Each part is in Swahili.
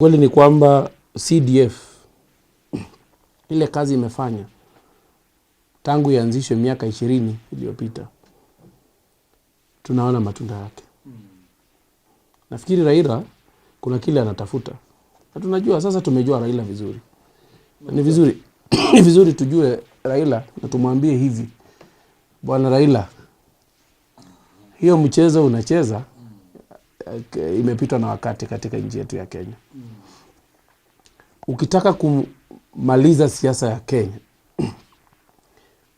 Kweli ni kwamba CDF ile kazi imefanya tangu ianzishwe miaka ishirini iliyopita tunaona matunda yake. Nafikiri Raila kuna kile anatafuta na tunajua sasa, tumejua Raila vizuri. Ni vizuri ni vizuri tujue Raila na tumwambie hivi, bwana Raila, hiyo mchezo unacheza Eh, imepitwa na wakati katika nchi yetu ya Kenya. Ukitaka kumaliza siasa ya Kenya,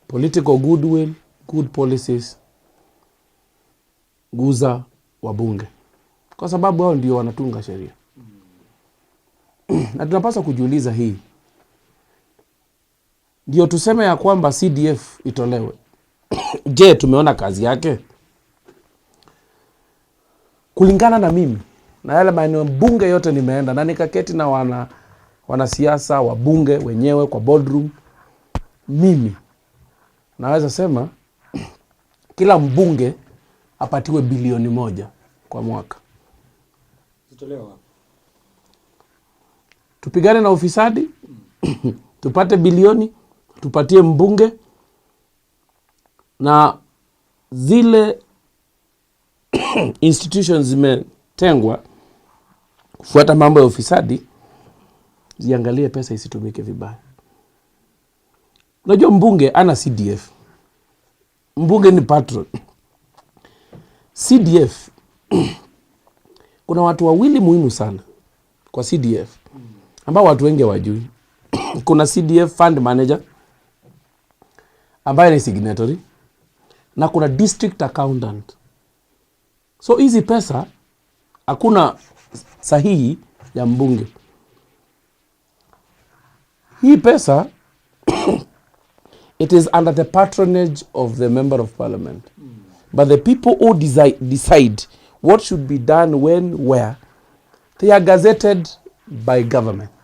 political goodwill, good policies, guza wabunge, kwa sababu hao ndio wanatunga sheria na tunapaswa kujiuliza hii ndio tuseme ya kwamba CDF itolewe. Je, tumeona kazi yake? kulingana na mimi na yale maeneo bunge yote nimeenda na nikaketi na wana wanasiasa wa bunge wenyewe kwa boardroom, mimi naweza sema kila mbunge apatiwe bilioni moja kwa mwaka tupigane na ufisadi tupate bilioni tupatie mbunge na zile institutions zimetengwa kufuata mambo ya ufisadi, ziangalie pesa isitumike vibaya. Unajua mbunge ana CDF, mbunge ni patron. CDF kuna watu wawili muhimu sana kwa CDF ambao watu wengi hawajui. Kuna CDF fund manager ambaye ni signatory na kuna district accountant So hizi pesa hakuna sahihi ya mbunge. Hii pesa it is under the patronage of the member of parliament but the people who decide what should be done when where they are gazetted by government.